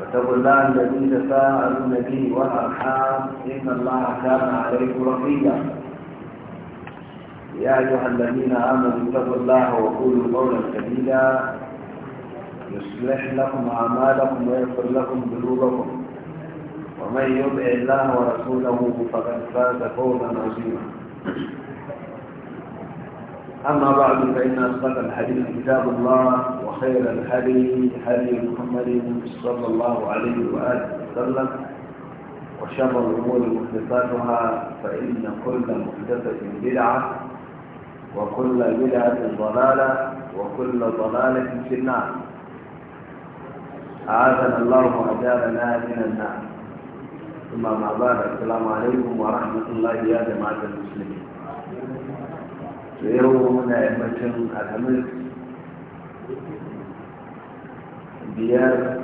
واتقوا الله الذي تساءلون به والارحام ان الله كان عليكم رقيبا يا ايها الذين امنوا اتقوا الله وقولوا قولا سديدا يصلح لكم اعمالكم ويغفر لكم ذنوبكم ومن يطع الله ورسوله فقد فاز فوزا عظيما اما بعد فان اصدق الحديث كتاب الله وخير الهدي هدي محمد صلى الله عليه وآله وسلم وشر الأمور محدثاتها فإن كل محدثة بدعة وكل بدعة ضلالة وكل ضلالة في النار أعاذنا الله وأجارنا من النار ثم ما بعد السلام عليكم ورحمة الله يا جماعة المسلمين. اليوم من المسلمين الحمد biyar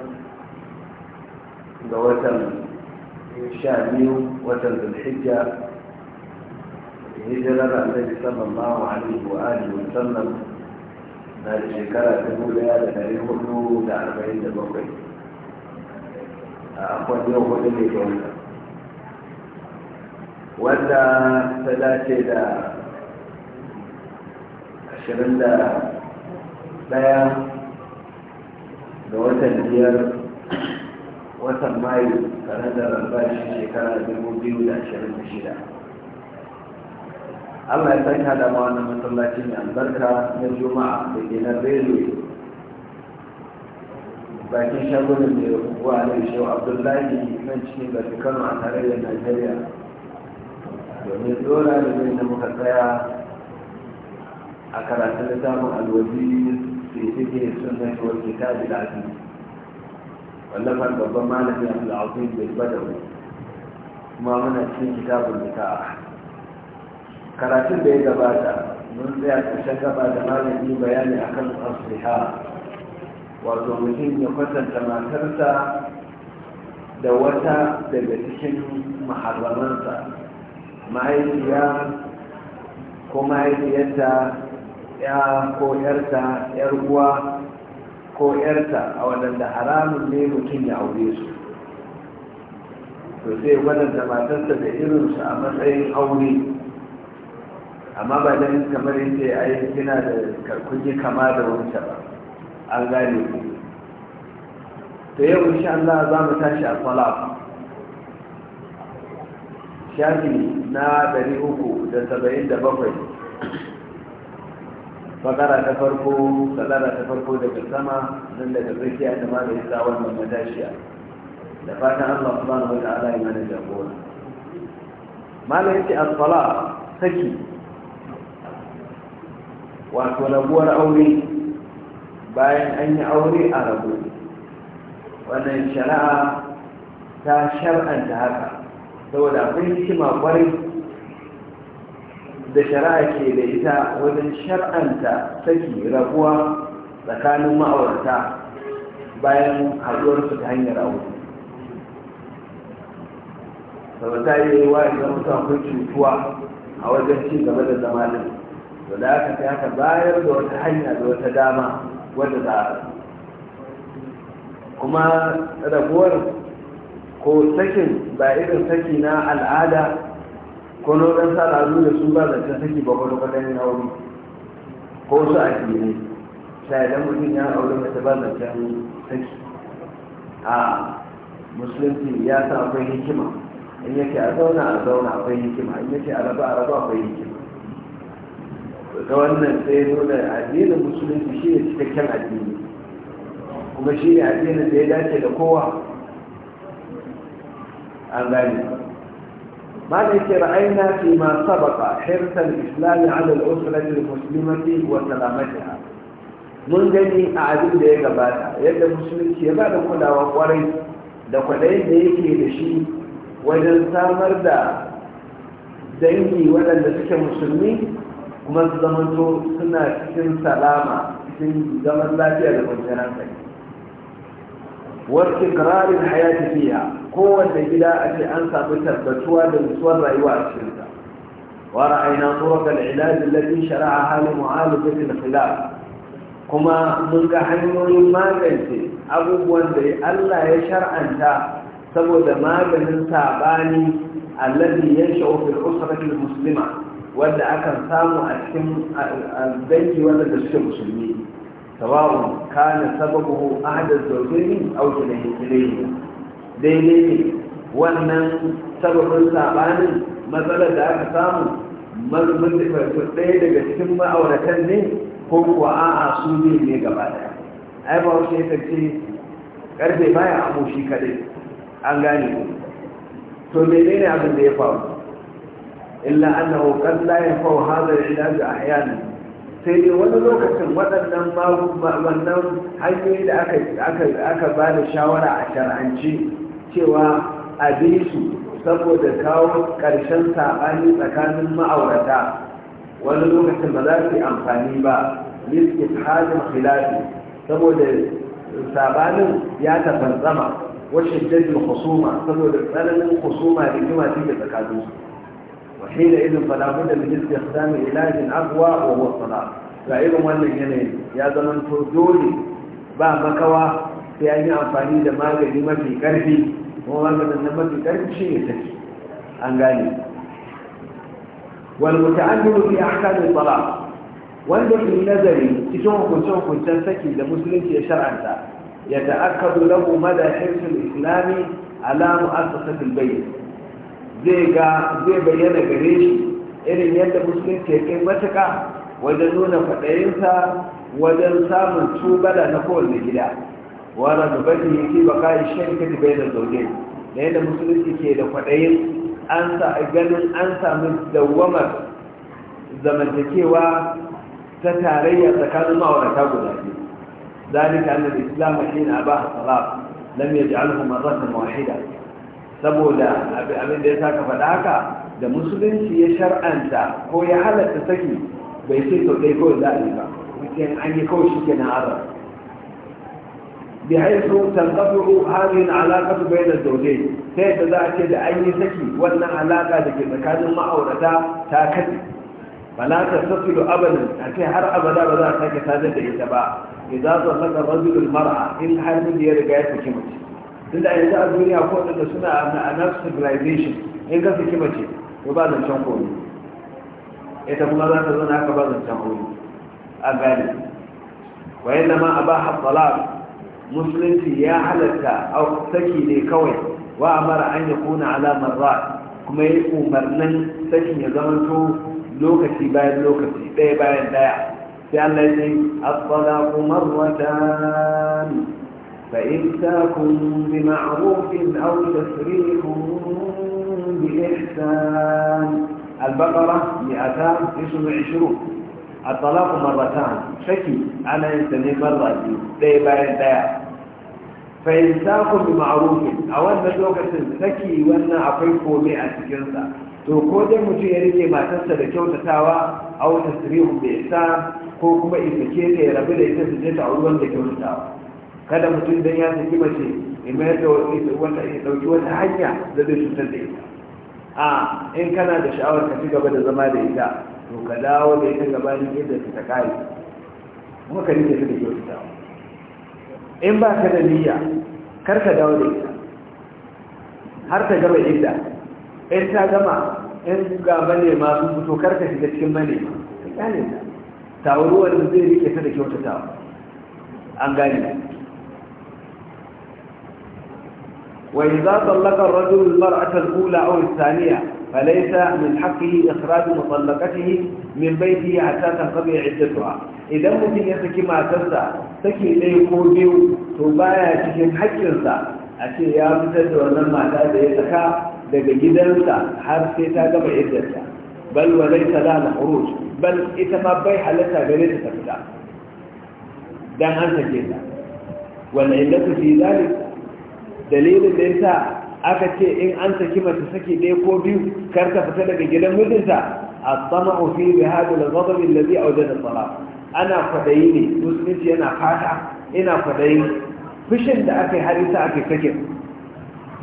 ga watan sha biyu watan zulhijja hijirar annabi sallallahu alaihi wa alihi wa sallam na da shekara dubu daya da dari hudu da arba'in da bakwai a akwai yau hudu ne ga wanda wanda ta dace da ashirin da daya ga watan biyar watan mayu da albashi shekara dubu biyu da ashirin da shida allah ya sanya da ma wannan masallacin albarka na juma'a da ke rezo bakin shagunan mai rubuwa a nan shau abdullahi nan cikin gafi kano a tarayyar najeriya domin tsora da zai na muka tsaya a karatun littafin alwazi في babban السنة والكتاب العزيز واللفظ بابا مالك عبد العظيم بالبدوي ما من في كتاب النكاح karatun da ya gabata mun tsaya ƙarshen gaba da malami bayani akan asliha wato mutum ya kwatanta matarsa da wata daga cikin maharamansa mahaifiya ko mahaifiyarta ya ko yarta yar uwa ko yarta a waɗanda haramun ne mutum ya aure su to sai da matarsa da irinsu a matsayin aure amma ba dan kamar yadda ya yi kina da karkunyi kama da wanta ba an gane ku to yau insha Allah za mu tashi a salat shafi na 377 fakara ta farko sadara ta farko daga sama nan daga tsakiya ta ma da isa wannan matashiya da fatan Allah subhanahu wa ta'ala ya mana jagora malam yace as saki wato rabuwar aure bayan an yi aure a rabu wannan shari'a ta shar'anta haka saboda akwai hikima kwarai da shari'a ke da ita wajen shar'anta saki rabuwa tsakanin ma'aurata bayan haɗuwarsu ta hanyar abu. sau ta yi wa ita mutum kun cutuwa a wajen ci gaba da zama din to da aka ta haka bayar da wata hanya da wata dama wadda za a kuma rabuwar ko sakin ba irin saki na al'ada ko lokacin sana'adu da su ba zancen saki ba ko lokacin aure ko su a ne shaidan mutum ya aure mace ba zancen saki a musulunci ya sa akwai hikima in yake a zauna a zauna akwai hikima in yake a raba a raba akwai hikima ga wannan sai nuna addinin musulunci shi ne cikakken addini kuma shi ne addinin da ya dace da kowa an gane معنى رأينا فيما سبق حرص الإسلام على الأسرة المسلمة وسلامتها mun gani a abin da ya gabata yadda musulunci ya ba da kulawa kwarai da kwaɗayin da yake da shi wajen samar da dangi waɗanda suke musulmi kuma su zamanto suna cikin salama cikin zaman lafiya da kwanciyar hankali wasu kirarin hayati fiya kowanne gida a ce an samu tabbatuwa da mutuwar rayuwa a cikinsa wa ra'ayna turaka al-ilaj allati shara'a hali mu'alajati al-khilaf kuma mun ga hanyoyin magance abubuwan da Allah ya shar'anta saboda maganin sabani allazi yansha'u fil usrati al-muslima wanda akan samu a cikin dangi wanda da suke musulmi sawa'un kana sababu ahadath zawjayn aw ilayhi daidai ne wannan sabbin sabanin matsalar da aka samu mazumin da farko ɗaya daga cikin ma'auratan ne ko kuwa a'a su ne ne gaba da ai ba wasu ya kace karfe baya a shi kaɗai an gane to ne abin da ya faru illa annahu qad la yanfa'u hadha al a ahyanan sai dai wani lokacin waɗannan wannan hanyoyi da aka aka aka ba da shawara a shar'anci cewa a bi su saboda kawo ƙarshen saɓani tsakanin ma'aurata wani lokacin ba za su yi amfani ba liski hajjin khilafi saboda saɓanin ya tafantsama wasu jajin husuma saboda tsananin husuma da kima ce da tsakanin su da irin falabu da ministan islamin ilajin abuwa wa wasu ga irin wannan yanayin ya zama to dole ba makawa sai an yi amfani da magani mafi ƙarfi kuma maganin na mafi ƙarfi shi an gane wal muta'allimu yi wanda ke nazari cikin hukunce-hukuncen saki da musulunci ya shar'anta ya ta'akkadu lahu mada hirsul islami alamu asasatul bayyin zai ga zai bayyana gare shi irin yadda musulunci ya kai matuka wajen nuna faɗayinsa wajen samun tubala na kowane gida wala nubaji fi baqa'i shirkati bayna zawjayn da yadda musulunci ke da kwaɗayin an sa ganin an samu dawamar zamantakewa ta tarayya tsakanin ma'aurata guda biyu ذلك أن الإسلام حين أباه الطلاق لم يجعله مرة واحدة saboda abin da ya saka faɗa haka da musulunci ya shar'anta ko ya halatta saki bai ce sau ɗaya kawai za yi ba mutum an yi kawai shi ke na بحيث تنقطع هذه العلاقة بين الزوجين كيف ذاك إذا أي سكي وأن علاقة ذلك كان المعورة تاكد فلا تتصل أبدا أكي هر أبدا بدا تاكت تاكد الإتباع إذا طلق الرجل المرأة إن حال من يرجع سكيمة إلا إذا أدوني أقول أن سنة نفس civilization إن كان سكيمة وبعد الشنقوني إذا كما ذاك ذنك بعد الشنقوني أبالي وإنما أباح الطلاق musulunci ya halatta a saki ne kawai wa amara an ya kuna alamar ra kuma ya umarnin sakin ya zamanto lokaci bayan lokaci ɗaya bayan ɗaya sai Allah ya ce as-salaqu marratan fa imsakun bi ma'rufin aw tasrihun bi ihsan البقرة 220 الطلاق مرتان شكي أنا إنسان مرة دي باين دايا ku bi ma'arufin a wannan lokacin saki wannan akwai kome a cikinsa to ko dai mutum ya rike matarsa da kyautatawa a wata sirihu bai sa ko kuma isake ta ya rabu da ita su je ta ruwan da kyautatawa kada mutum dan ya saki mace ya mayar da wata ya dauki wata hanya da zai cutar da ita a in kana da sha'awar ka ci gaba da zama da ita to ka dawo da ita gabanin yadda ta kai, kuma ka rike ta da kyautatawa in ba ka da niyya kar ka dawo da ita har ta gama idda in ta gama in ga bane ma sun fito kar ka shiga cikin bane ka kyale ta tawuruwar da zai rike ta da kyautatawa an gane وإذا طلق الرجل المرأة الأولى أو الثانية فليس من حقه إخراج مطلقته min baiti ya ta tanqabi iddatuha idan mutum ya saki matarsa saki ɗaya ko biyu to baya cikin haƙƙinsa a ce ya fitar da wannan mata da ya saka daga gidansa har sai ta gama iddarta bal wa laysa la khuruj bal ita ma bai halatta gare ta fita dan an sake ta wal illatu fi dalil dalilin da yasa aka ce in an saki mace saki ɗaya ko biyu kar ta fita daga gidan mijinta الطمع في بهذا الغضب الذي أوجد الصلاة أنا فديني مسلمتي أنا فاتح أنا فديني فشن دا أكي حديثة أكي فكر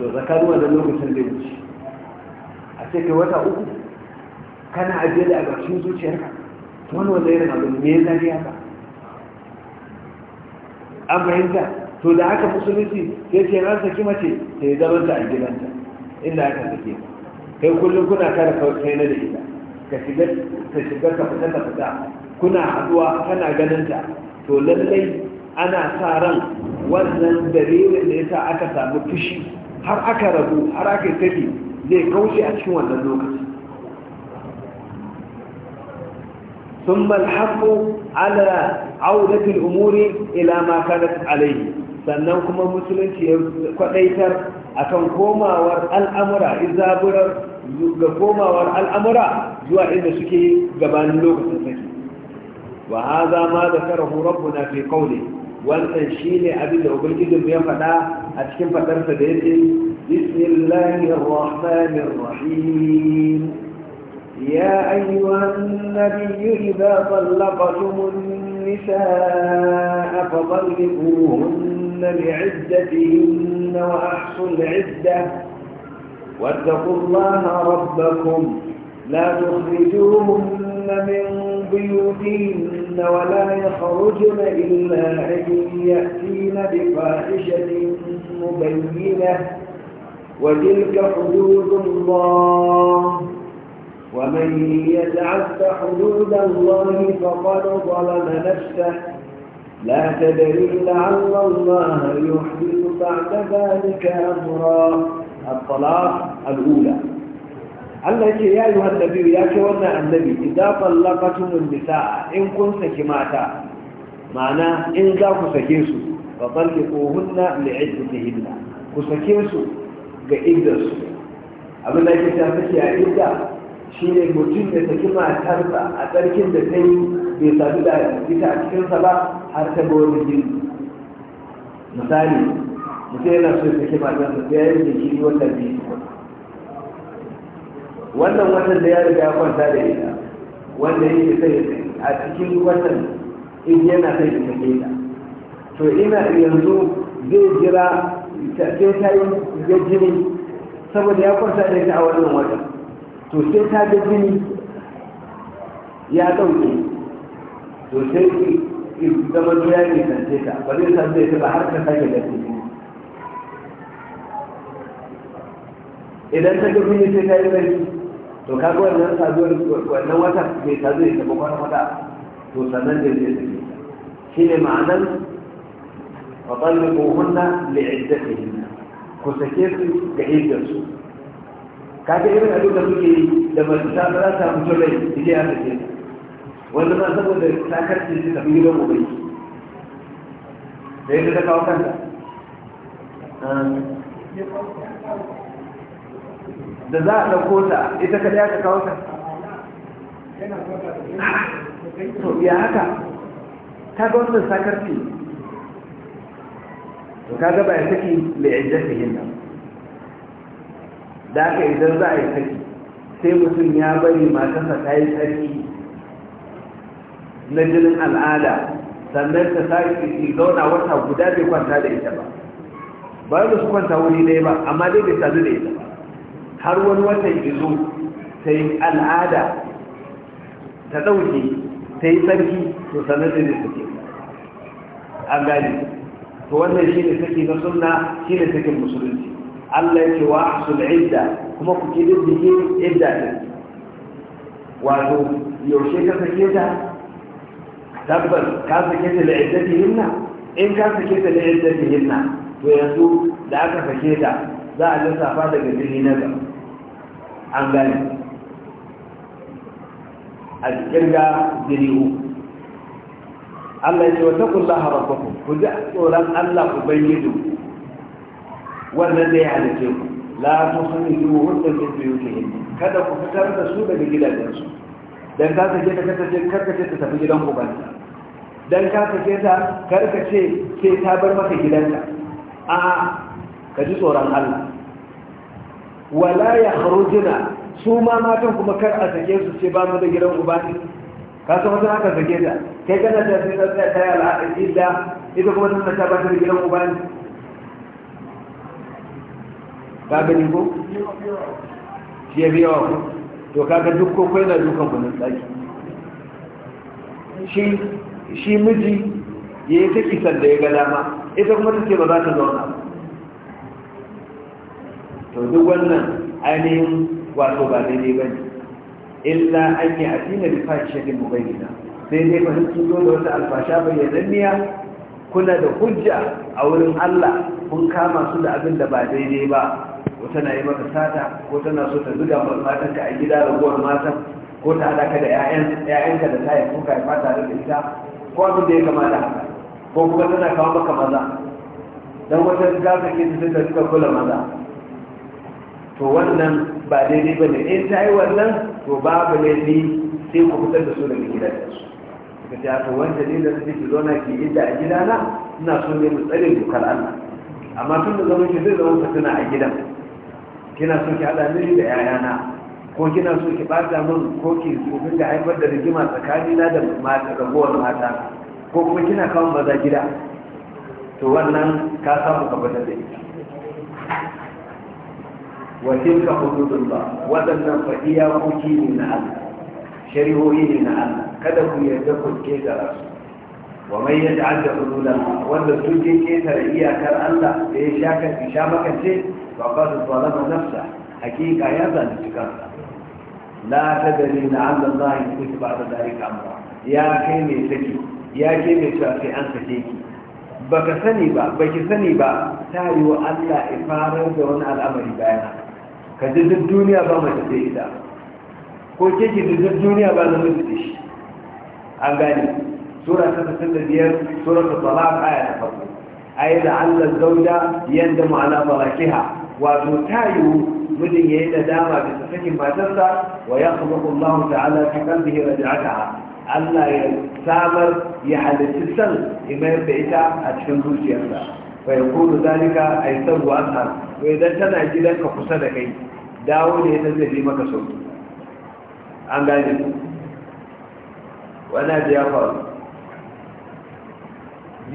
to zakarwa da lokacin da wuce a ce kai wata uku kana ajiye da agacin zuciyarka ta wani wanda abu ne zafi haka an fahimta to da haka musulunci sai ce ran saki mace ta a gidanta inda aka kai kullum kuna kare kai da ita ka shiga ka fita ka fita kuna haduwa kana ganin ta to lallai ana sa ran wannan dalilin da yasa aka samu fushi har aka rabu har aka tafi zai kauce a cikin wannan lokaci ثم الحق على عودة الأمور إلى ما كانت عليه sannan kuma musulunci ya a kan komawar al'amura izaburar ga komawar al'amura zuwa inda suke gabanin lokacin saki wa haza ma zakarahu rabbuna fi qawli wannan shine abin da ubangijin ya faɗa a cikin fadarsa da yake bismillahir rahmanir rahim يا أيها النبي إذا طلقتم النساء فطلقوهن لعدتهن وأحصوا العدة واتقوا الله ربكم لا تخرجوهن من بيوتهن ولا يخرجن إلا أن يأتين بفاحشة مبينة وتلك حدود الله ومن يتعد حدود الله فقد ظلم نفسه لا تدري لعل الله يحدث بعد ذلك أمرا الطلاق al'ula Allah yake ya yi wannan biyu ya ce wannan annabi idan fallakatumun nisa'a in kun saki mata ma'ana in za ku sake su fa talliquhunna li'iddatihinna ku sake su ga iddarsu abin da yake ta saki a idda shi ne mutum da saki matarsa a tsarkin da ta yi bai sadu da ita a cikinsa ba har ta ga wani jini misali mutum yana so ya saki matarsa ya wata wannan watan da ya riga ya kwanta da ita wanda yake sai a cikin watan in yana sai da take ta to ina yanzu zai jira sai ta yi ga jini saboda ya kwanta da ita a wannan watan to sai ta ga jini ya ɗauke to sai zama ya ne sance ta ba zai san zai taɓa har ka sake da jini idan ta ga jini sai ta yi tsarki to kaga wannan saduwar wannan wata bai sadu ya taɓa kwana wata to sannan da zai sake shi ne ma'anar wa tsalliku hunna li'iddatihinna ku sake su ga su kaga irin abin da suke yi da mace ta za ta mutu rai ije a sake wanda ma saboda sakarci su tafi gidan ubai da yadda ta kawo kanta ah. da za a ɗauko ta ita ka ta kawo ta to ya haka ta ga wannan sakarci to ka gaba ya saki mai ajiyarsa yin nan da aka idan za a yi saki sai mutum ya bari matarsa ta yi sarki na jinin al'ada sannan ta sarki zauna wata guda bai kwanta da ita ba ba da su kwanta wuri ɗaya ba amma dai bai sadu da ita ba har wani watan izo ta yi al'ada ta ɗauke ta yi sarki to sanar da suke an gani to wannan shi ne suke na suna shi ne suke musulunci Allah ya ce wa da idda kuma ku da diddige idda ne wato yaushe ka sake ta tabbas ka sake ta da hinna in ka sake ta da hinna to yanzu da aka sake ta za a lissafa daga jini na gaba an gani a ga jiri'u Allah ya ce wa takun lahara kwakwun ku ji tsoron Allah ku bayyado wannan da ya halice ku lafi sun yi yiwu hurtar da su yi kada ku fitar da su daga gidajensu don ka ta ta kasance karkace ta tafi gidan ubanta Don ka ke ta karkace sai ta bar maka gidanta, a ka ji tsoron Allah wala ya harujuna su ma matan kuma kar a zage su ce ba mu da gidan uba ka san wata haka zage ta kai kana ta sai ta ta ya al'adun illa ita kuma tana ta ba ta da gidan uba ne ka gani ko shi ya fi yawa to kaga duk ko kai na dukan kunan tsaki shi shi miji ya yi ta kisan da ya ga dama ita kuma ta ce ba za ta zauna ba to duk wannan ainihin wato ba daidai ba ne illa an yi asina bi fahishatin mubayyana sai dai ba sun zo da wata alfasha bayyananniya kuna da hujja a wurin Allah kun kama su da abin da ba daidai ba wata na yi maka sata ko tana so ta zuga matan ka a gida da ruwan matan ko ta haɗa ka da ‘ya'yanka da ta yi kuka ya fata da ita ko abin da ya kamata, ko kuma tana kawo maka maza don wata zaka ke ta suka kula maza to wannan ba daidai ba ne in ta yi wannan to babu ni sai ku fitar da su daga gidansu ka ta to wanda ne da suke zauna ke inda a gida na, ina so ne mu tsare dokar Allah amma tun da zaman ki zai zama tuna a gidan kina so ki hada mini da yayana ko kina so ki bata mun ko ki tsofin da haifar da rigima na da mata ragowar mata ko kuma kina kawo maza gida to wannan ka samu ka da wa tilka hududullah wadannan fa iyakoki ne na Allah shari'o'i ne na Allah kada ku yarda ku ke gara su wa mai ya ta'adda hududullah wanda su ke ketare iyakar Allah da ya sha kan sha makance ba fa su zalama nafsa hakika ya zalunci kansa la tadri na Allah Allah ya ba da dalika amma ya kai mai saki ya kai mai cewa sai an sake ki baka sani ba baki sani ba ta yi wa Allah ifarar da wani al'amari bayan haka ka ji duk duniya ba mace sai ita ko ke ke ji duk duniya ba namiji da shi an gane sura ta sassan da biyar sura ta talaq aya ta farko ayi da allah zauda yadda ma'ana barakiha wato ta yiwu mijin ya yi da dama bisa sakin matarsa wa ya kuma Allah ta'ala ta da fi qalbihi raj'ataha Allah ya samar ya halitta san imayar da ita a cikin zuciyarsa bai kudu zalika a yi sabuwa ta wai don tana gidanka kusa da kai dawo ne ta zai fi maka sauki an gani wani abu ya faru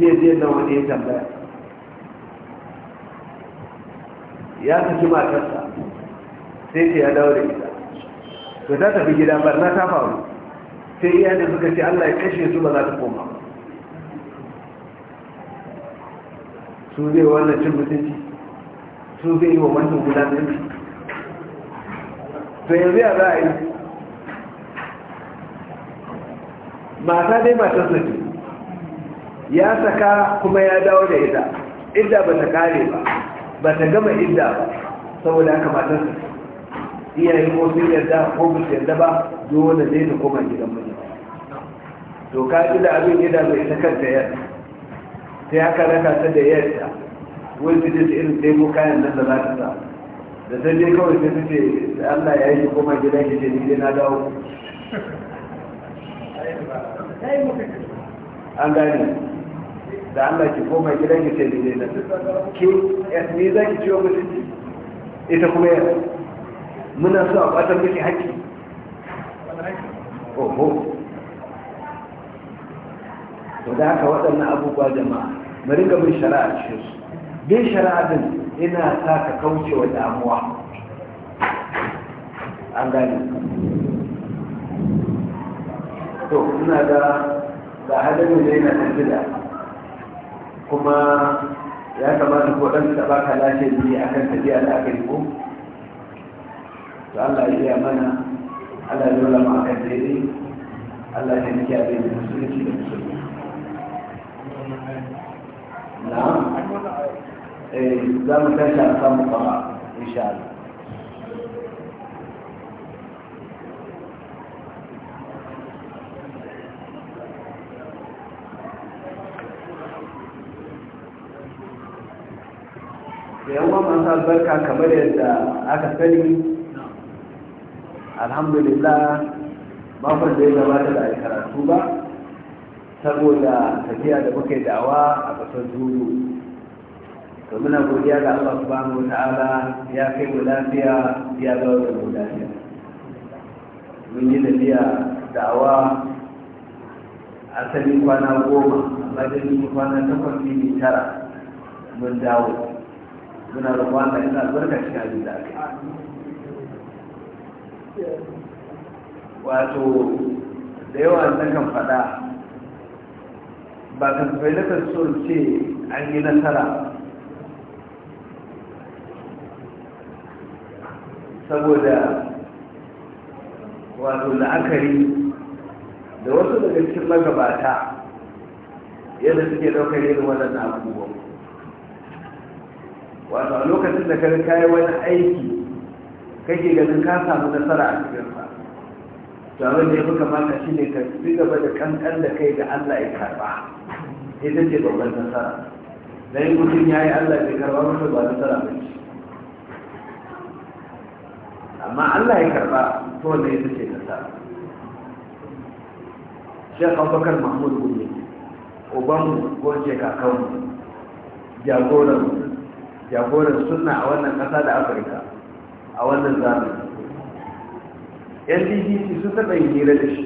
zai zai na wani ya tambaya ya saki matarsa sai ce ya dawo da ita to ta fi gida barna ta faru sai iya da suka ce allah ya kashe su ba za ta koma su zai wannan cin mutunci su zai yi wa wannan gudanarci to yanzu ya za a yi mata dai matan sake ya saka kuma ya dawo da ita idda ba ta kare ba ba ta gama idda ba saboda haka matan sake iyaye ko sun yarda ko ba su yarda ba dole zai ta koma gidan miji to ka ji da abin gida mai ta kanta yarda sai aka raka ta da yarda وزيدين ديمو كان ده ما تصا ده تجي كو تجي الله يعيش كما جدا جدي دي نادو ايوه ايوه انداني ده الله كي كما جدا جدي دي نادو كي اسمي ذاك جو مسجد ايه تخمي من اسا وقت بك حكي اوه وذاك وقت ان ابو جماعه مريكا من شرع الشيخ bin shari'adin ina sa ka kauce wa damuwa an gani to ina ga ga halin da yana tafiya kuma ya kamata ko dan da baka lashe ni akan tafiya da aka yi ko to Allah ya yi mana Allah ya yi mana akan daidai Allah ya nake abin da musulunci da musulunci na'am Eh, za mu tashi a samu fara insha Allah yawon albarka kamar yadda aka sani alhamdulillah makon da ya gabata da karatu ba saboda tafiya da muke da'awa a kasar duniya to muna godiya ga Allah subhanahu wata'ala ya kai mu lafiya ya zaune mu lafiya mun yi tafiya da'awa asali kwana goma amma da ni kwana takwas ne tara mun dawo muna roƙon Allah ina albarka shi abin da aka wato da yawa na kan faɗa ba kan faidatar so ce an yi nasara saboda wato la'akari da wasu daga cikin magabata yadda suke ɗaukar yin waɗannan abubuwan wato a lokacin da kan kayi wani aiki kake ganin ka samu nasara a cikin sa to abin da ya fi kamata shi ne ka ci gaba da kankan da kai da Allah ya karba ita ce babban nasara dan mutum ya yi Allah bai karba masa ba nasara ba amma Allah ya karba to wannan ita ce sa? Sheikh Abubakar Mahmud Gumi ubanmu ko ce kakanmu jagoran jagoran sunna a wannan kasa da Afirka a wannan zamani LDCC sun taɓa yin hira da shi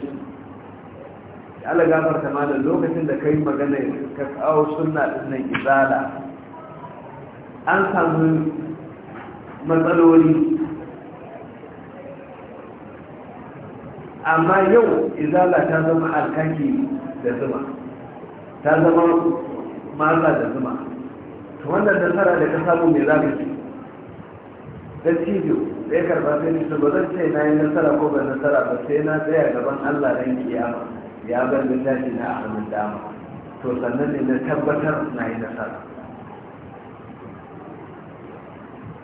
ala gafarta ma da lokacin da kai magana ka kawo sunna din nan izala an samu matsaloli amma yau izala ta zama alkaki da zuma ta zama maza da zuma to wannan nasara da ka samu mai zaka ce da cibiyo zai karba sai nisa ba zan ce na yi nasara ko ban nasara ba sai na tsaya gaban allah don kiyama ya bar tashi na abin dama to sannan ne na tabbatar na yi nasara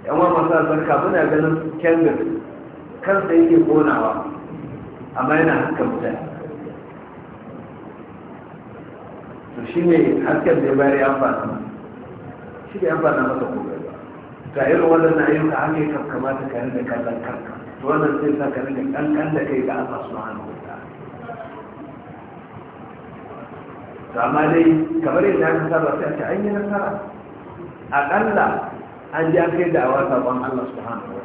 yan wa masu albarka muna ganin kyandir kansa yake konawa amma yana haska mutane to shi ne hasken da ya bayar ya amfana shi da ya amfana masa gobe ba ta irin waɗannan ayyuka haka ya kamata kare da kallon kanka to wannan zai sa kare da kankan da kai ga Allah subhanahu hannu ta'ala amma dai kamar yadda aka saba sai a ce an yi nasara aƙalla an ji an kai da awa sabon Allah subhanahu wa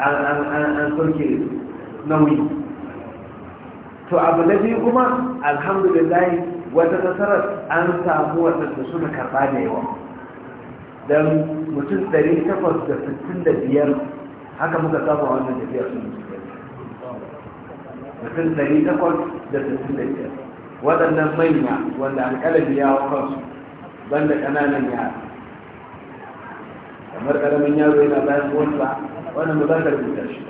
an soke nauyi to abu na biyu kuma alhamdulillahi wata nasarar an samu waɗanda suna karɓa da yawa don mutum 865 haka muka samu a wannan tafiyar sun mutum 865 waɗannan manya wanda alƙalabi ya hau kansu banda ƙananan yara kamar ƙaramin yaro yana bayan wanda wannan ba za ka rubuta shi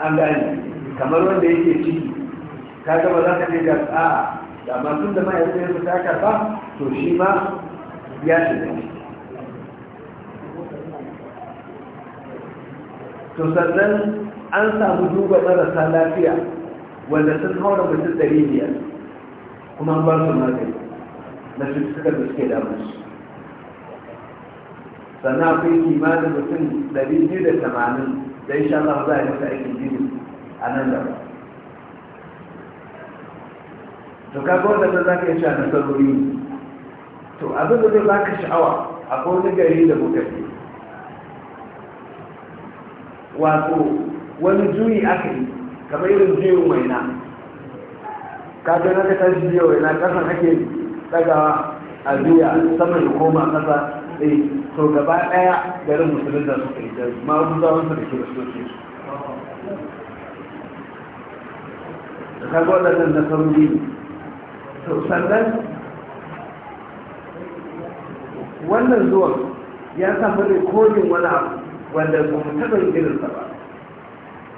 an gani kamar wanda yake ciki ka gaba za ka ga a da masu da ma yanzu yanzu ta ba to shi ma ya shiga to sannan an samu duba marasa lafiya wanda sun haura mutum ɗari biyar kuma an ba su magani na cututtukan da suke damar su sannan akwai kimanin mutum ɗari biyu da tamanin da insha Allah za a yi masa aikin jini a nan gaba to kaga wanda za ka yi cewa nasarori to abin da zai baka sha'awa akwai wani gari da muka fi wato wani juyi aka yi kamar irin juyin waina kaga na ka tashi juyin waina kasan ake ɗagawa a juya saman koma kasa ɗaya eh. sau gaba daya garin musulun da suka yi da maguzawan su da ke wasu da nan na nasarori ne to sannan wannan zuwan ya samu kogin wani abu wanda ba mu taɓa irinsa ba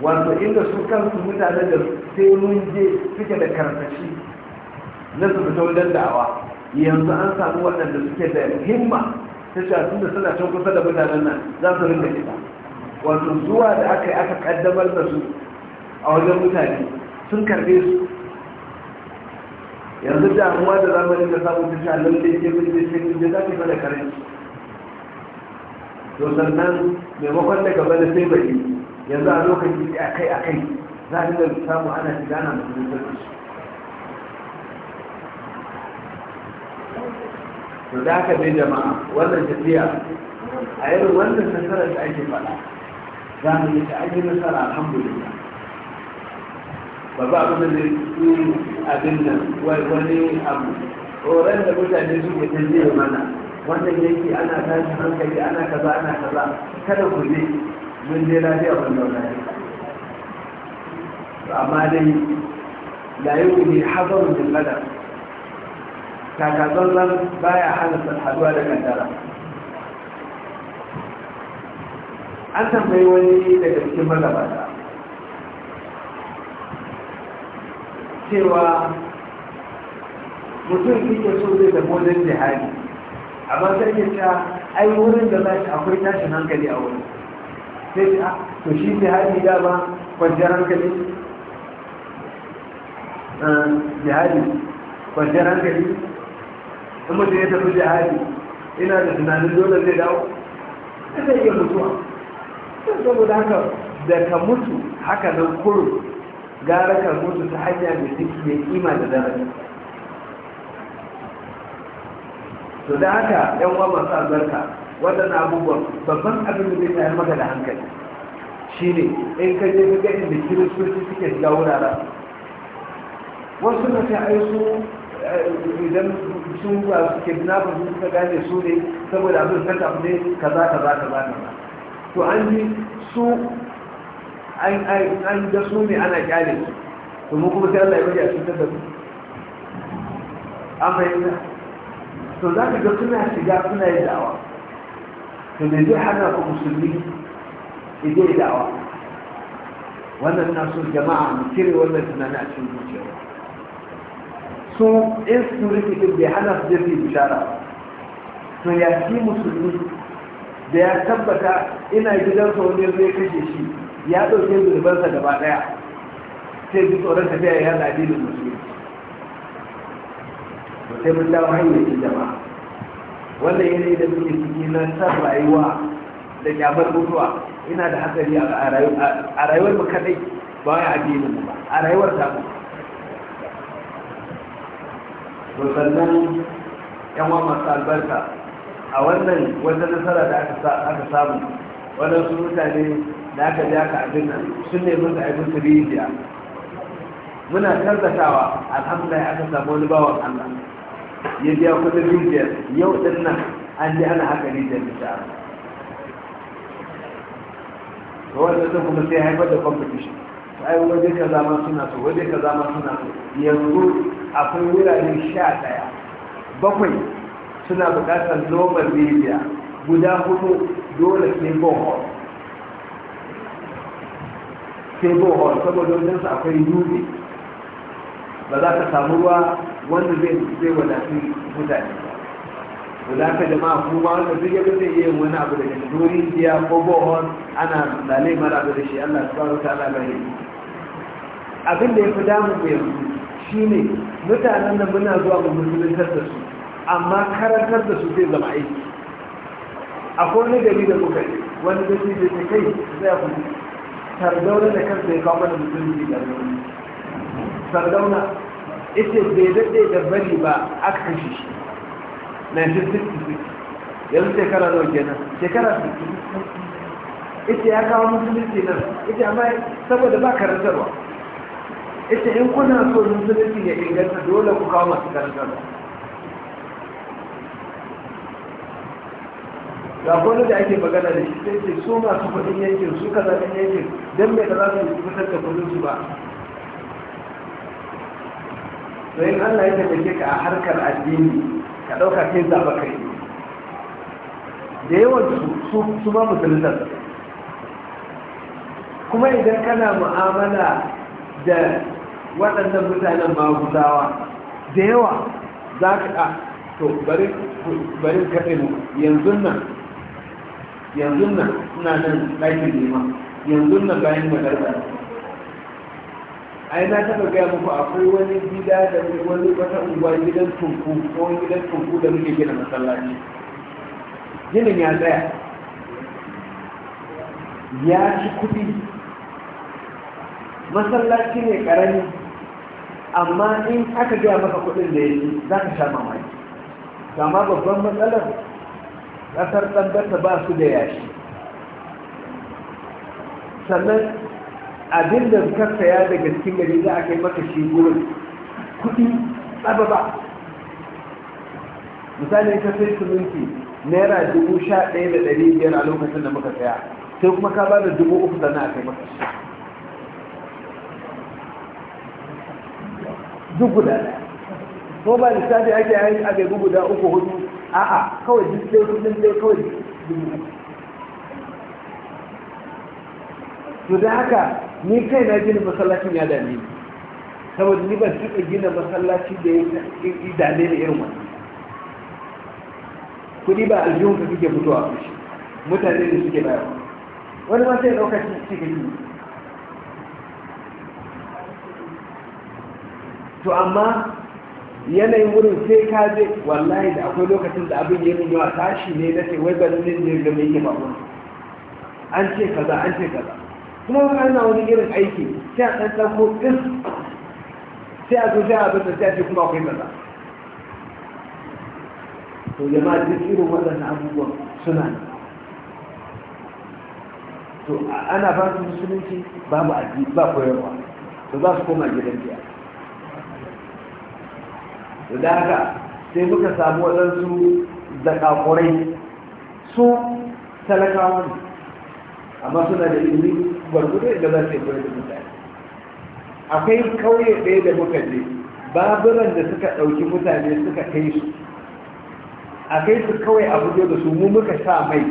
wanda inda su kansu mutane da sai mun je suke da karkashi na su fito da'awa yanzu an samu waɗanda suke da himma ta ce da suna can kusa da mutanen nan za su rinda kiɗa wato zuwa da aka yi aka kaddamar da su a wajen mutane sun karbe su yanzu da damuwa da zamanin da samun ta sha lalle ke bin da ke bin da za ka da karen to sannan maimakon da gaba da sai bari yanzu a lokaci a kai a kai za a dinga samu ana shiga na mutum to da aka dai jama'a wannan tafiya a irin wannan nasarar da ake faɗa za mu yi ta ake nasara alhamdulillah Ba abin da zai su abin nan wani abu tsoron da mutane suke ta zai mana wannan yanki ana tashi hankali ana kaza ana kaza kada ku ne mun je lafiya wannan lafiya amma dai layu yi wuni hadarun bin ladar kakazanzan baya halatta haduwa da kaddara an tambayi wani daga cikin magabata cewa mutum kike so zai da wajen jihadi amma sai ke ta ai wurin da za shi akwai tashin hankali a wurin sai ta ah, to shi jihadi da ba kwanciyar hankali eh, jihadi kwanciyar hankali in mutum ya tafi jihadi ina da tunanin dole zai dawo zai iya mutuwa saboda haka da ka mutu haka nan kuru gara ka mutu ta hanya da take ya kima da daraja to da haka yan uwa masu albarka waɗannan abubuwan babban abin da zai tayar maka da hankali shine in ka je ga inda kiristoci suke shiga wurare wasu na ta aisu eh, idan sun ba su kidnapper sun suka gane su ne saboda abin saka ne kaza kaza kaza kaza to an yi su an ga su ne ana kyale su to mu kuma sai Allah ya bari a cikin da su an bayyana to za ka ga suna shiga suna yin da'awa to me zai hana ku musulmi idan da'awa wannan na so jama'a mu cire wannan tunanin a cikin zuciyarwa su in su rikikin bai hana su jirgin bishara su ya fi musulmi da ya tabbata ina gidan wani zai kashe shi ya ɗauke zurbansa gaba ɗaya sai bi tsoron tafiya ya da addinin musulmi sai mun dawo hanyar ci jama'a wannan yi da muke ciki na san rayuwa da kyamar mutuwa ina da hatsari a rayuwar mu kadai ba wai addinin mu ba a rayuwar ta mu to sannan yan wa masu albarka a wannan wata nasara da aka samu waɗansu mutane da aka ji aka abin nan sun nemi ka aibin su rijiya muna tarzatawa alhamdulillah aka samu wani bawan allah ya biya kudin rijiyar yau din nan an ji ana haka rijiyar da ga wanda sun kuma sai haifar da competition ai wajen ka zama suna so wajen ka zama suna so yanzu akwai wurare sha ɗaya bakwai suna buƙatar normal media guda hudu dole sai bohol sai bohol saboda su akwai yuri ba za ka samu ruwa wanda zai zai wadafi mutane ba ka jama'a kuma wanda zai yadda zai iya wani abu daga dorin jiya ko bohol ana lalai mara abu da shi allah subhanahu wa ta'ala bai abin da ya fi damu yanzu Shi ne mutanen da muna zuwa mu da su amma karantar da su zai zama aiki akwai wani gari da muka yi wani da shi da ta kai zai ku sardauna da kan ya kawo mana musulunci da rauni sardauna ita bai daɗe da bari ba aka kashe shi 1966 yanzu shekara nawa kenan shekara 66 ita ya kawo musulunci nan ita amma saboda ba karantarwa ita in kuna so musulunci ya inganta dole ku kawo masu karkar da wani da ake magana da shi sai ce su masu kudin yankin su kaza zaɓi yankin don mai da za su yi fitar da kudin su ba to Allah ya taimake ka a harkar addini ka ɗauka kai zaɓa kai da yawan su su ma musulunta kuma idan kana mu'amala da waɗannan mutanen maguzawa da yawa za ka a to bari kaɗe mu yanzu nan yanzu nan suna nan ɗakin nema yanzu nan bayan a ai na taɓa gaya muku akwai wani gida da wani wata unguwa gidan tunku ko gidan tunku da muke gina masallaci ginin ya tsaya ya ci kuɗi masallaci ne ƙarami amma in aka gaya maka kuɗin da yake za ka sha mamaki kama babban matsalar ƙasar ɗanɗanta ba su da yashi sannan abin da ka saya daga cikin gari za a kai maka shi wurin kudi tsaba ba misali ka sai siminti naira dubu sha ɗaya da ɗari biyar a lokacin da muka saya sai kuma ka ba da dubu uku na a kai maka shi duk guda ko ba lissafi ake yi a gaibu guda uku hudu a'a kawai duk sai kudin sai kawai dubu to da haka ni kai na gina masallacin ya dame ni saboda ni ban taɓa gina masallaci da ya dame ni irin wannan Kuɗi ba aljihun ka kike fitowa mutane ne suke bayarwa wani ma sai ɗaukar suke yi to amma yanayin wurin sai ka je wallahi da akwai lokacin da abin ya yawa tashi ne na ce wai ganin ne da mai yake babun an ce kaza an ce kaza kuma ana wani irin aiki sai a ɗan ɗauko ɗin sai a zo sai a abin da sai a ce kuma akwai kaza to jama'a duk irin waɗannan abubuwan suna ne to ana ba su musulunci babu addini ba koyarwa to za su koma gidan jiya da haka sai muka samu waɗansu zakakurai su talakawa ne amma suna da ilimi gwargwado da za su yi koyar da mutane akwai kauye ɗaya da muka je baburan da suka ɗauki mutane suka kai su a kai su kawai a fito da su mu muka sa mai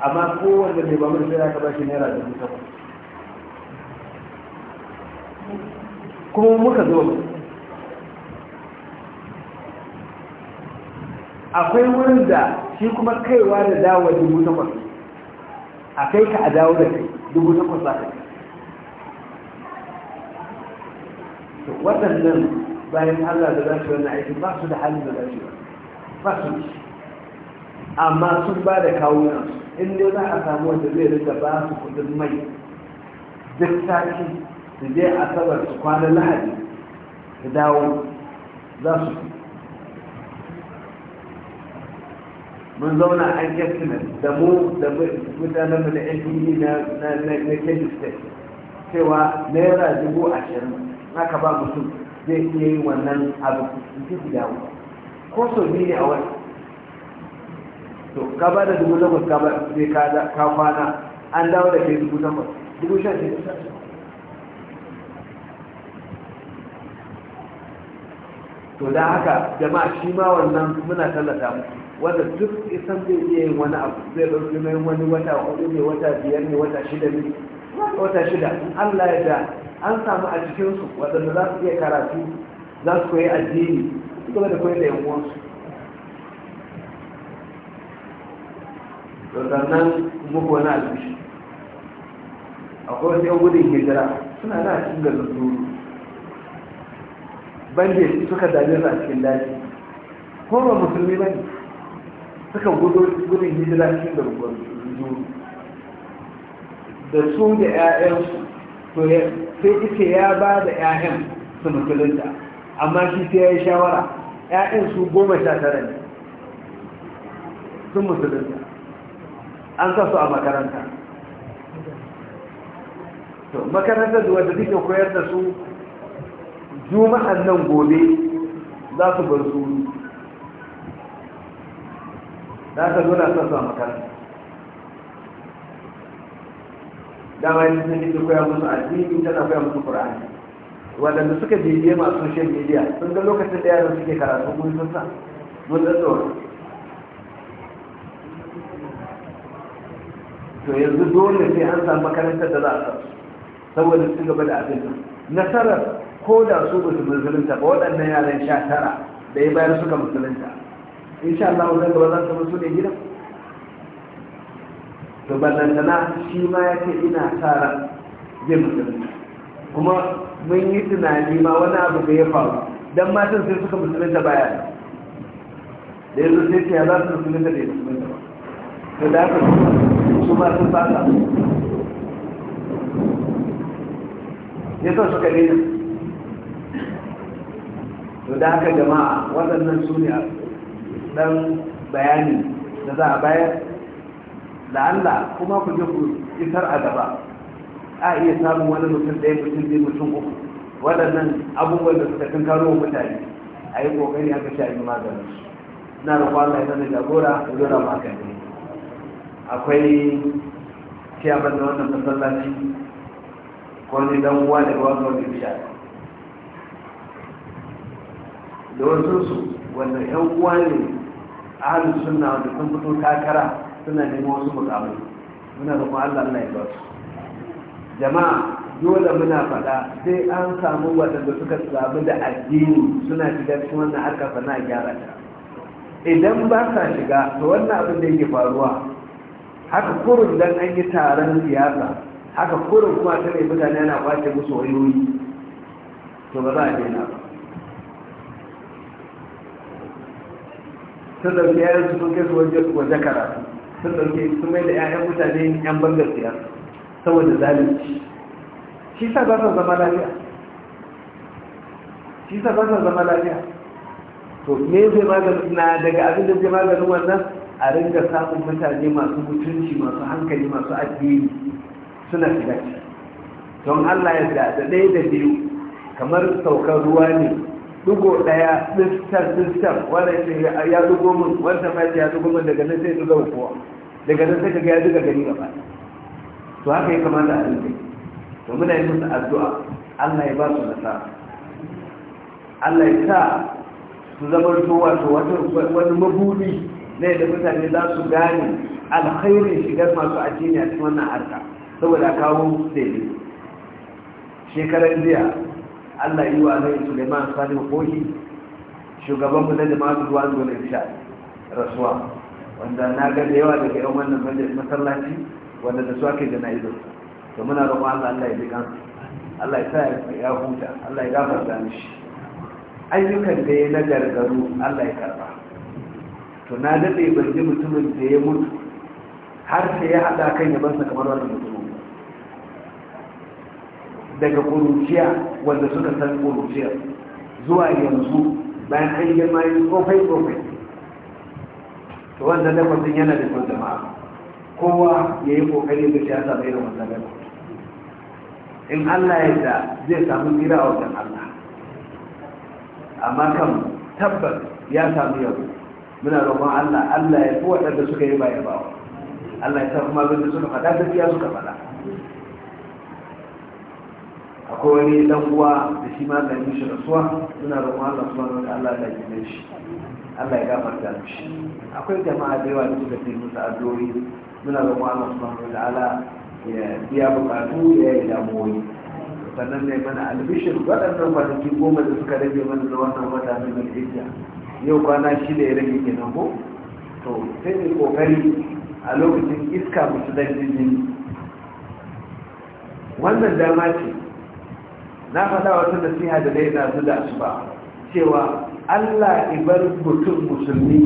amma kowanne mai ba mai sai ka ba shi naira da mutane kuma muka zo mu akwai wurin da shi kuma kaiwa da dawo dubu takwas a kai ka a dawo da kai dubu takwas za ka to waɗannan bayan Allah da za su wannan aiki ba su da halin da za su ba su da amma sun ba da kawunan in dai za a samu wanda zai rika ba su kudin mai duk sati su je asabar su kwana lahadi su dawo za su fi mun zauna an estimate da mu da mutanen mu na npd na kebbi state cewa naira dubu ashirin ka ba mutum zai iya yi wannan abu su fi dawo ko so biyu ne a wani to ka ba da dubu takwas ka ba sai ka kwana an dawo da kai dubu takwas dubu sha shi to da haka jama'a shi ma wannan muna tallata musu wanda duk isan zai iya yin wani abu zai ɗauki mai wani wata hudu ne wata biyar ne wata shida ne wata shida in allah ya da an samu a cikinsu waɗanda za su iya karatu za su koyi addini su kuma da koyi da yankuwansu to sannan muku wani albishi akwai wasu yan gudun hijira suna da cikin garin zuru bandit suka dame su a cikin daji ko ba musulmi ba ne suka gudu gudun hijira cikin da gudu. da su da 'ya'yansu to sai ita ya ba da 'ya'yan su musulunta amma shi sai ya yi shawara 'ya'yan su goma sha tara ne sun musulunta an sa su a makaranta to makarantar da wadda suke koyar da su juma'an nan gobe za su bar su da aka dole a sassa makaranta dama yi sun yi koya musu addini tana koya musu qur'ani waɗanda suka bibiye masu social media sun ga lokacin da yaran suke karatu mun sassa mun dan tsoro to yanzu dole sai an samu makarantar da za a sassa saboda su gaba da abin nasarar ko da su ba su musulunta ba waɗannan yaran sha tara da ya bayar suka musulunta insha Allah wannan gaba za ta su ne gidan to ballantana shi ma ya ce ina tara yin mutum kuma mun yi tunani ma wani abu da ya faru don matan sai suka musulunta baya da yanzu sai ce ya za su musulunta da ya musulunta ba to da haka su ma sun fasa ya sa suka daina to da haka jama'a waɗannan su ne dan bayani da za a bayar da Allah kuma ku je ku isar a gaba a iya samun wani mutum ɗaya mutum biyu mutum uku waɗannan abubuwan da suka kan karo mutane a yi ƙoƙari aka sha yi maganin su na da Allah ya zama jagora a zura magani akwai ciyaman da wannan masallaci ko ne dan uwa daga wani wani bisha da wasu su wanda yan uwa ne ahalin suna wanda sun fito takara suna neman wasu mukamai muna da Allah Allah ya ba su jama'a dole muna faɗa sai an samu waɗanda suka samu da addini suna shiga cikin wannan harka sana gyara ta idan ba sa shiga to wannan abin da yake faruwa haka kurun dan an yi taron siyasa haka kurun kuma ta ne mutane yana kwace musu wayoyi to ba za a daina ba sun dauki yayin su sun kai su waje karatu sun dauki sun mai da yayan mutane yan bangar siyasa saboda zalunci shi sa ba sa zama lafiya shi sa ba sa zama lafiya to me zai magani na daga abin da zai maganin wannan a ringa samun mutane masu mutunci masu hankali masu addini suna shiga don Allah ya da ɗaya da biyu kamar saukar ruwa ne dugo daya tsirtar tsirtar wanda ce ya dugo min wanda ma ya dugo min daga nan sai duga kowa daga nan sai kaga ya duka gari gaba to haka ya kamata a rinke to muna yi musu addu'a Allah ya ba su nasara Allah ya sa su zama to wato wani mabudi ne da mutane za su gane alkhairin shigar masu addini a cikin wannan harka saboda kawo daidai Shekarar jiya Allah yi wa Alai Suleiman Salihu Koki shugaban mu na jama'a zuwa zuwa isha rasuwa wanda na ga da yawa daga yan wannan masallaci wanda da su ake jana'izar to muna roƙon Allah Allah ya ji kansu Allah ya sa ya huta Allah ya da mishi ayyukan da ya na gargaru Allah ya karba to na daɗe ban ji mutumin da ya mutu har sai ya haɗa kan yabansa kamar wani mutumin daga kuruciya wanda suka san ƙuruciyar zuwa yanzu bayan an girma yi tsofai tsofai to wanda lafafin yana da kwan jama'a kowa ya yi kokari da yasa bai da wanda gaba in allah ya da zai samu tsira a wajen allah amma kan tabbas ya samu yabo muna roƙon allah allah ya fi waɗanda suka yi bayan bawa allah ya sa kuma abin da suka faɗa da suka faɗa akwai wani dan uwa da shi ma kan mishi rasuwa suna roƙon Allah subhanahu wa Allah da gidan shi Allah ya gafarta shi akwai jama'a da yawa da suka yi musu addu'o'i muna roƙon Allah subhanahu wa Allah ya biya bukatu ya yi damuwoyi sannan ne mana albishir waɗannan kwanaki goma da suka rage mana da wannan wata na Najeriya yau kwana da ya rage kenan ko to sai ne kokari a lokacin iska musu dan jini wannan dama ce na faɗa wata nasiha da dai ɗazu da ba. cewa allah ibar mutum musulmi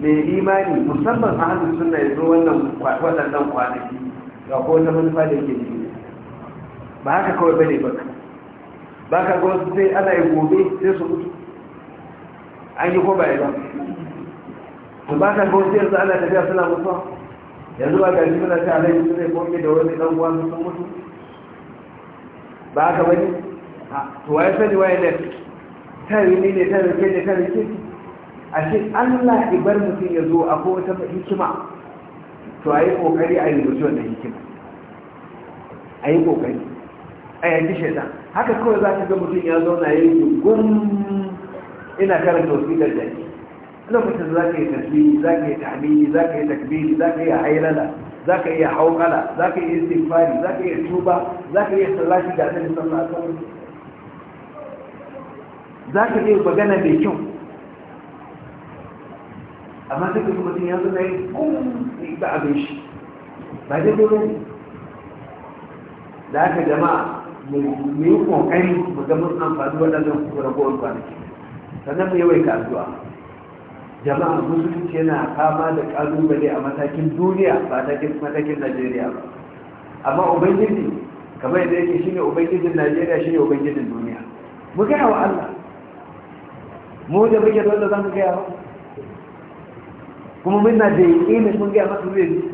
mai imani musamman a hannun suna yanzu zo waɗannan kwanaki ga ko wata manufa da ke jini ba haka kawai bane baka ba ka ga wasu sai ana yi gobe sai su mutu an yi ko ba ba ba ka ga wasu yanzu ana tafiya suna mutuwa yanzu ba ga shi ta alayi suna yi kome da wani ɗan uwa sun mutu ba ka bane to wai sani wai ne tari ne ne tari ke ne tari ke A shi Allah ibar mutum ya zo akwai wata hikima to yi kokari a yi mutum da hikima yi kokari a yanki shaitan haka kawai za ka ga mutum ya zo na yi gum ina karanta wasu da lokacin za ka yi tasbihi za ka yi tahmini za ka yi takbiri za ka yi hailala za ka yi haukala za ka yi istighfari za ka yi tuba za ka yi salati da annabi sallallahu alaihi wasallam za ka iya magana mai kyau amma sai ka mutum ya zo yi kun ba abin shi ba dai dole ne da aka jama'a mu yi kokari mu ga mun amfani waɗannan ragowar kwanaki sannan mu yi ka addu'a jama'a musulunci yana fama da kalubale a matakin duniya ba matakin najeriya ba amma ubangiji kamar yadda yake shine ubangijin najeriya shine ubangijin duniya mu gaya wa allah mu da muke da wanda za mu gaya wa kuma muna da yakinin mun gaya masu zai ji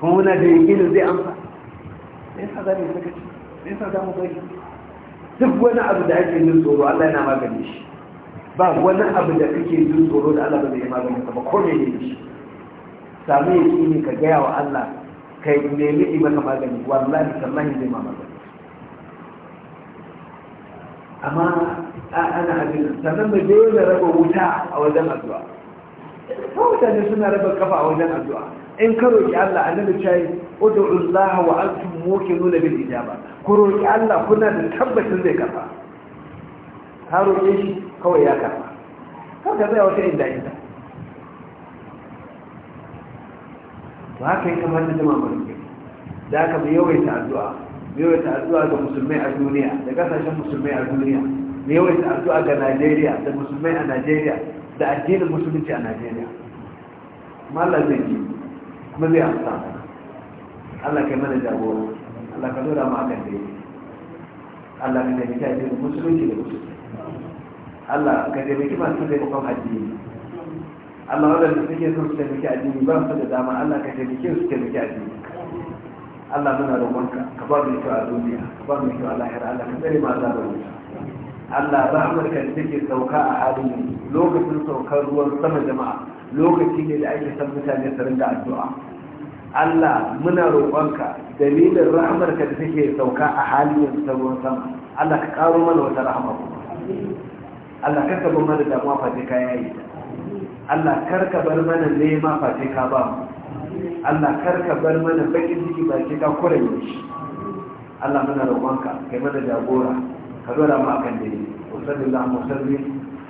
kuma muna da yakinin zai amsa me yasa za mu sakaci me yasa za mu bari duk wani abu da ake yin tsoro allah yana magani shi ba wani abu da kake jin tsoro da Allah ba zai magana ka ba ko ne ne shi sami ya ne ka gaya wa Allah kai nemi yi maka magani wallahi sallahi zai mamaka magani amma ana abin sannan da yana raba wuta a wajen addu'a ko mutane suna raba kafa a wajen addu'a in ka roƙi Allah a ta yi ud'u Allah wa antum muqinuna bil ijaba ku roƙi Allah kuna da tabbacin zai karba ta roƙe shi kawai ya karɓa kanka zai wata inda inda to haka yi kamar da jama'a mulki da aka bi yawaita addu'a ta addu'a ga musulmai a duniya da kasashen musulmai a duniya yawai ta addu'a ga najeriya da musulmai a najeriya da addinin musulunci a najeriya mallar zai ji, kuma zai amsa allah kai mana jagoro allah ka zo da mu da yi allah ka ta addinin musulunci da musulunci Allah ka taimaki masu taimakon addini Allah wadanda suke son su taimaki addini ba su da dama Allah ka taimake su taimaki addini Allah muna roƙonka ka ba mu kyau a duniya ka ba mu kyau a lahira Allah ka tsare ma zaɓar wuta Allah ba Amurka da take sauka a halin yanzu lokacin saukar ruwan sama jama'a lokaci ne da ake san mutane su rinda addu'a Allah muna roƙonka dalilin rahmarka da take sauka a halin yanzu ta ruwan sama Allah ka ƙaro mana wata rahama kuma Allah karka bar mana damuwa face ka yayi Allah karka bar mana nema face ka ba Allah karka bar mana bakin ciki face ka kuranye shi Allah muna roƙonka kai mana jagora ka zo da mu akan dai sallallahu alaihi wasallam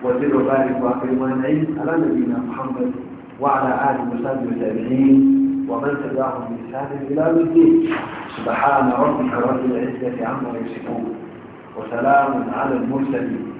wa zid wa barik wa wa na'i ala nabiyina Muhammad wa ala alihi wa sahbihi wa man tabi'ahum bi ihsan ila yawm سبحان ربك رب العزة عما يصفون وسلام على المرسلين